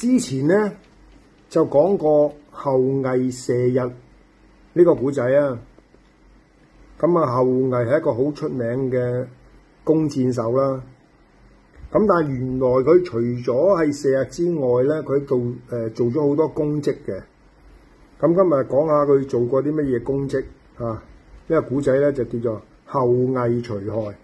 之前咧就講過後羿射日呢、呢個古仔啊，咁啊後羿係一個好出名嘅弓箭手啦、啊。咁但係原來佢除咗係射日之外咧，佢做誒、呃、做咗好多功績嘅。咁、嗯、今日講下佢做過啲乜嘢功績啊？呢個、呢個古仔咧就叫做後羿除害。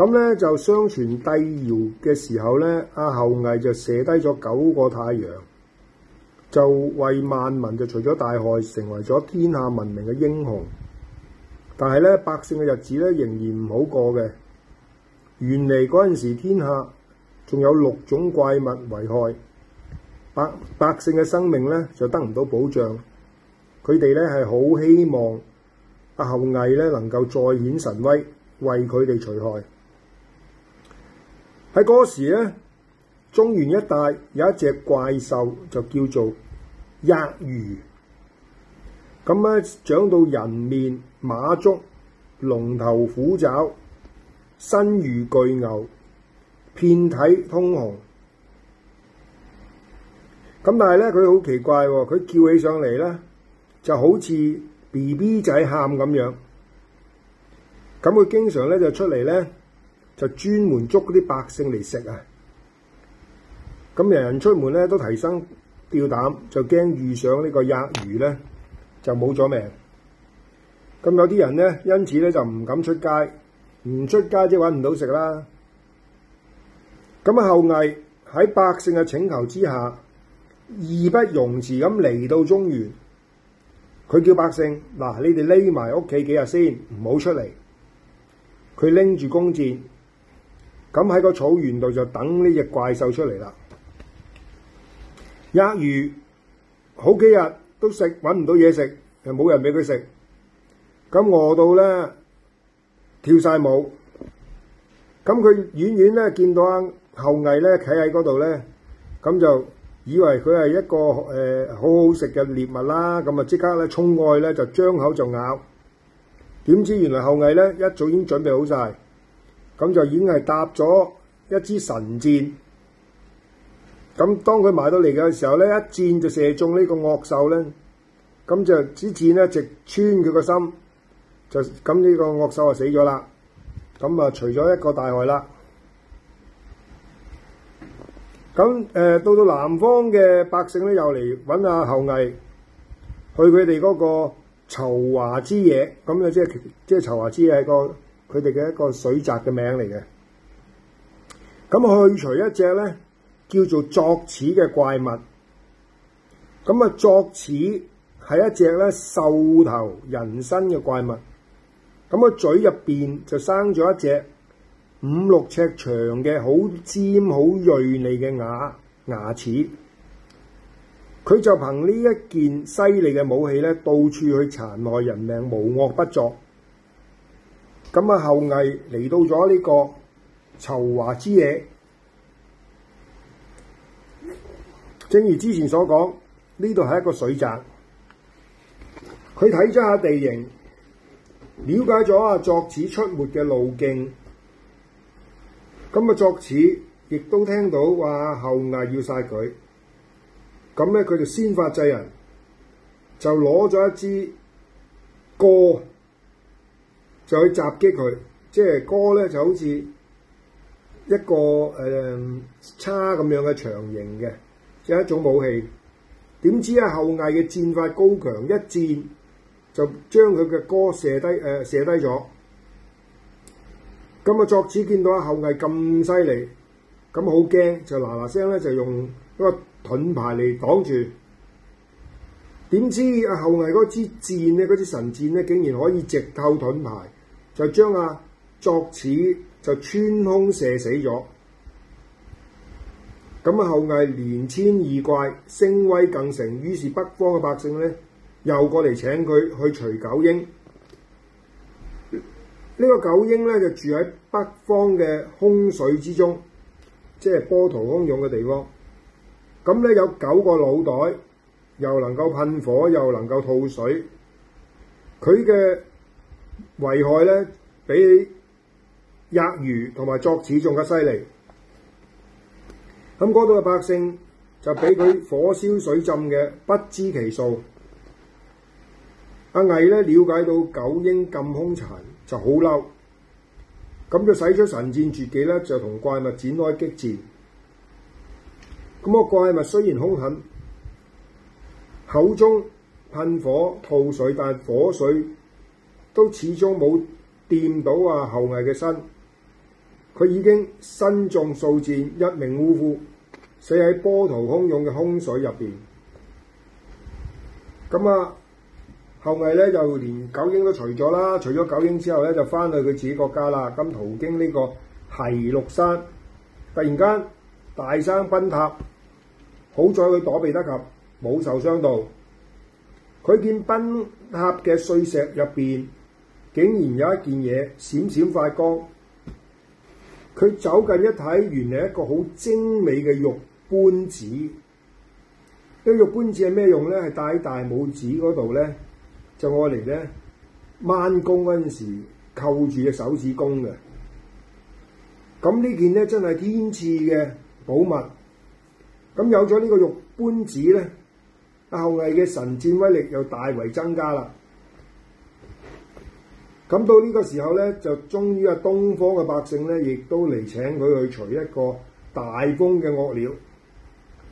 咁咧就相傳帝堯嘅時候咧，阿后羿就射低咗九個太陽，就為萬民就除咗大害，成為咗天下聞名嘅英雄。但係咧，百姓嘅日子咧仍然唔好過嘅。原嚟嗰陣時，天下仲有六種怪物為害，百百姓嘅生命咧就得唔到保障。佢哋咧係好希望阿后羿咧能夠再顯神威，為佢哋除害。喺嗰時咧，中原一帶有一隻怪獸，就叫做鴨魚。咁咧長到人面馬足、龍頭虎爪，身如巨牛，遍體通紅。咁但係咧，佢好奇怪喎、哦！佢叫起上嚟咧，就好似 B B 仔喊咁樣。咁佢經常咧就出嚟咧。就專門捉嗰啲百姓嚟食啊！咁人人出門咧都提心吊膽，就驚遇上呢個鴨魚咧，就冇咗命。咁有啲人咧，因此咧就唔敢出街，唔出街即係揾唔到食啦。咁啊，後羿喺百姓嘅請求之下，義不容辭咁嚟到中原，佢叫百姓嗱：你哋匿埋屋企幾日先，唔好出嚟。佢拎住弓箭。咁喺個草原度就等呢隻怪獸出嚟啦。一如好幾日都食揾唔到嘢食，又冇人俾佢食，咁餓到咧跳晒舞。咁佢遠遠咧見到後羿咧企喺嗰度咧，咁就以為佢係一個誒、呃、好好食嘅獵物啦。咁啊即刻咧衝過去咧就張口就咬。點知原來後羿咧一早已經準備好晒。咁就已經係搭咗一支神箭。咁當佢埋到嚟嘅時候咧，一箭就射中呢個惡獸咧。咁就支箭咧，直穿佢個心，就咁呢個惡獸就死咗啦。咁啊，除咗一個大害啦。咁誒、呃，到到南方嘅百姓咧，又嚟揾阿后羿，去佢哋嗰個疇華之野。咁咧、就是，即係即係疇華之野係個佢哋嘅一個水澤嘅名嚟嘅，咁去除一隻咧叫做作齒嘅怪物，咁啊作齒係一隻咧獸頭人身嘅怪物，咁啊嘴入邊就生咗一隻五六尺長嘅好尖好鋭利嘅牙牙齒，佢就憑呢一件犀利嘅武器咧，到處去殘害人命，無惡不作。咁啊！后羿嚟到咗呢個疇華之野，正如之前所講，呢度係一個水澤。佢睇咗下地形，了解咗啊，鑿齒出沒嘅路徑。咁啊！鑿齒亦都聽到話后羿要殺佢，咁咧佢就先發制人，就攞咗一支戈。就去襲擊佢，即係戈咧就好似一個誒、呃、叉咁樣嘅長形嘅，有一種武器。點知阿後羿嘅箭法高強，一箭就將佢嘅戈射低誒、呃、射低咗。咁啊，作子見到阿後羿咁犀利，咁好驚，就嗱嗱聲咧就用一個盾牌嚟擋住。點知阿後羿嗰支箭咧，嗰支神箭咧，竟然可以直透盾牌。就將啊鑿齒，就穿空射死咗，咁啊後羿連遷二怪，聲威更盛，於是北方嘅百姓咧又過嚟請佢去除九嬰。呢、這個九嬰咧就住喺北方嘅凶水之中，即係波濤洶湧嘅地方。咁咧有九個腦袋，又能夠噴火，又能夠吐水，佢嘅。危害咧比起鴨魚同埋鑿齒仲加犀利，咁嗰度嘅百姓就俾佢火燒水浸嘅不知其數。阿、啊、羿咧了解到九嬰咁凶殘就好嬲，咁就使出神戰絕技咧就同怪物展開激戰。咁、那個怪物雖然凶狠，口中噴火吐水，但係火水都始終冇掂到啊，后羿嘅身，佢已經身中數箭，一命嗚呼死喺波濤洶湧嘅空水入邊。咁啊，后羿咧就連九英都除咗啦，除咗九英之後咧，就翻去佢自己國家啦。咁途經呢個提綠山，突然間大山崩塌，好彩佢躲避得及，冇受傷到。佢見崩塌嘅碎石入邊，竟然有一件嘢閃閃發光，佢走近一睇，原來一個好精美嘅玉扳指。呢、呢個玉扳指係咩用咧？係戴喺大拇指嗰度咧，就愛嚟咧彎弓嗰陣時，扣住隻手指公嘅。咁呢件咧真係天賜嘅寶物。咁有咗呢個玉扳指咧，阿後羿嘅神箭威力又大為增加啦。咁到呢個時候咧，就終於啊東方嘅百姓咧，亦都嚟請佢去除一個大風嘅惡鳥。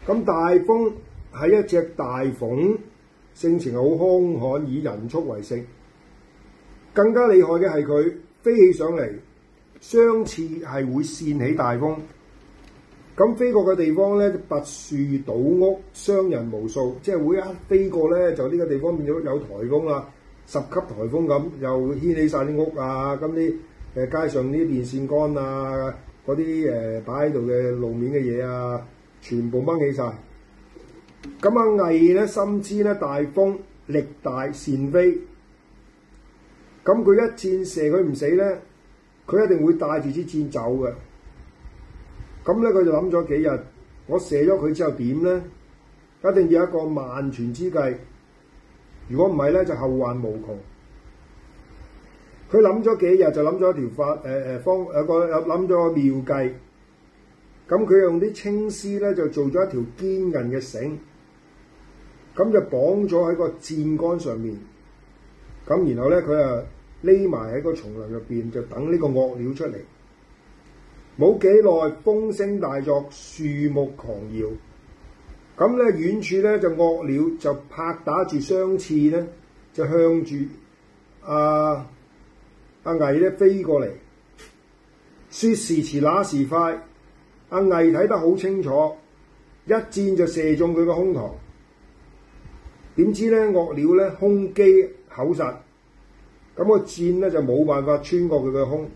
咁大風係一隻大鳳，性情好兇悍，以人畜為食。更加厲害嘅係佢飛起上嚟，雙翅係會扇起大風。咁飛過嘅地方咧，拔樹倒屋，傷人無數，即係會一飛過咧，就呢個地方變咗有颱風啦。十級颱風咁，又掀起晒啲屋啊！咁啲誒街上啲電線杆啊，嗰啲誒擺喺度嘅路面嘅嘢啊，全部掹起晒。咁啊羿咧深知咧大風力大扇飛，咁佢一箭射佢唔死咧，佢一定會帶住支箭走嘅。咁咧佢就諗咗幾日，我射咗佢之後點咧？一定要一個萬全之計。如果唔係咧，就後患無窮。佢諗咗幾日，就諗咗一條法，誒、呃、誒方有個有諗咗個妙計。咁佢用啲青絲咧，就做咗一條堅韌嘅繩，咁就綁咗喺個箭杆上面。咁然後咧，佢啊匿埋喺個叢林入邊，就等呢個惡鳥出嚟。冇幾耐，風聲大作，樹木狂搖。咁咧，遠處咧，就惡鳥就拍打住雙翅咧，就向住阿阿羿咧飛過嚟。説時遲那時快，阿羿睇得好清楚，一箭就射中佢嘅胸膛。點知咧，惡鳥咧胸肌厚實，咁個箭咧就冇辦法穿過佢嘅胸。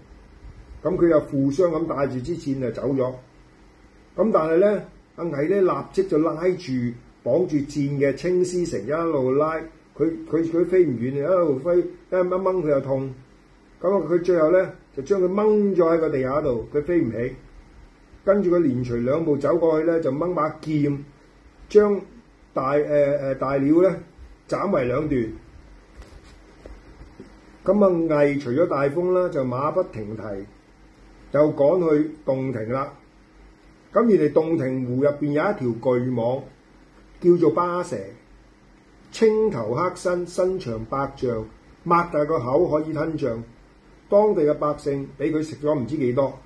咁佢就負傷咁帶住支箭就走咗。咁但係咧，羿咧立即就拉住綁住箭嘅青絲繩一路拉，佢佢佢飛唔遠，一路飛一掹掹佢又痛，咁啊佢最後咧就將佢掹咗喺個地下度，佢飛唔起，跟住佢連隨兩步走過去咧就掹把劍將大誒誒、呃、大鳥咧斬為兩段，咁啊羿除咗大風啦，就馬不停蹄又趕去洞庭啦。咁原嚟洞庭湖入邊有一條巨蟒，叫做巴蛇，青頭黑身，身長百丈，擘大個口可以吞象。當地嘅百姓俾佢食咗唔知幾多。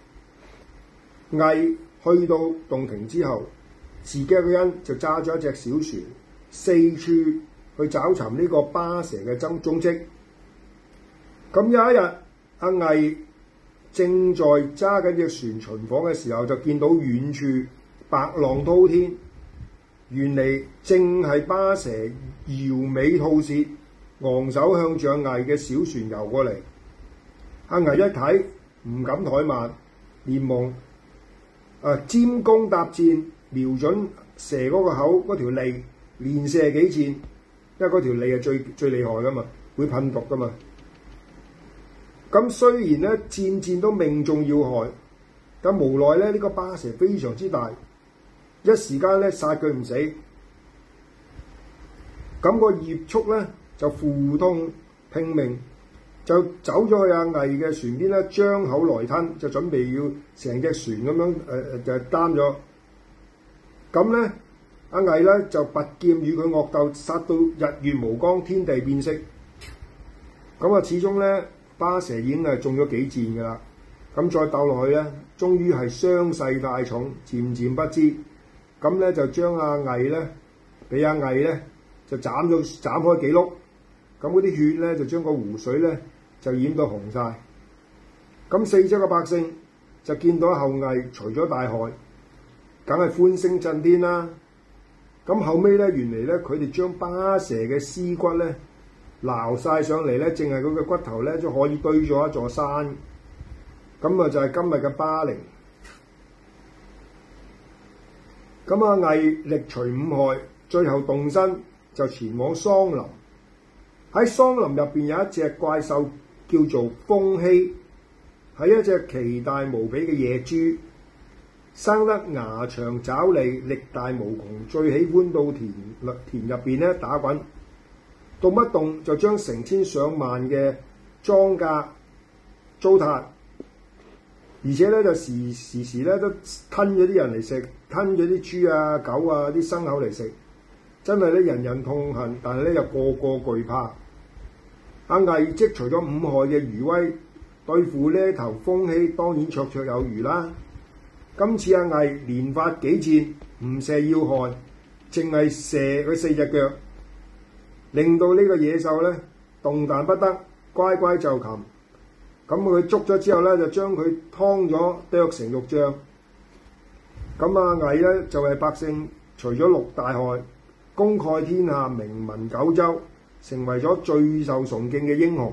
魏去到洞庭之後，自己一個人就揸咗一隻小船，四處去找尋呢個巴蛇嘅蹤蹤跡。咁有一日，阿魏，正在揸緊隻船巡訪嘅時候，就見到遠處白浪滔天，原嚟正係巴蛇搖尾吐舌，昂首向象羿嘅小船游過嚟。阿羿一睇，唔敢怠慢，連忙啊尖弓搭箭，瞄準蛇嗰個口嗰條脷，連射幾箭，因為嗰條脷係最最厲害㗎嘛，會噴毒㗎嘛。咁雖然咧，箭箭都命中要害，咁無奈咧，呢、這個巴蛇非常之大，一時間咧殺佢唔死，咁、那個葉速咧就負痛拼命就走咗去阿羿嘅船邊咧，張口來吞，就準備要成隻船咁樣誒誒、呃、就擔咗。咁咧，阿羿咧就拔劍與佢惡鬥，殺到日月無光，天地變色。咁啊，始終咧。巴蛇已經係中咗幾箭㗎啦，咁再鬥落去咧，終於係傷勢太重，漸漸不支，咁咧就將阿、啊、魏咧，俾阿、啊、魏咧就斬咗斬開幾碌，咁嗰啲血咧就將個湖水咧就染到紅晒。咁四周嘅百姓就見到後羿除咗大害，梗係歡聲震天啦，咁後尾咧原嚟咧佢哋將巴蛇嘅屍骨咧。撈晒上嚟咧，淨係佢嘅骨頭咧，就可以堆咗一座山。咁啊，就係今日嘅巴陵。咁啊，魏力除五害，最後動身就前往桑林。喺桑林入邊有一隻怪獸叫做封豨，係一隻奇大無比嘅野豬，生得牙長爪利，力大無窮，最喜歡到田田入邊咧打滾。動一動就將成千上萬嘅莊稼糟蹋，而且咧就時時時咧都吞咗啲人嚟食，吞咗啲豬啊、狗啊、啲牲口嚟食，真係咧人人痛恨，但係咧又個個懼怕。阿羿即除咗五害嘅餘威，對付呢頭風氣當然綽綽有餘啦。今次阿羿連發幾箭，唔射要害，淨係射佢四隻腳。令到呢個野獸咧動彈不得，乖乖就擒。咁佢捉咗之後咧，就將佢劏咗剁成肉醬。咁阿、啊、羿咧就為百姓除咗六大害，功蓋天下，名聞九州，成為咗最受崇敬嘅英雄。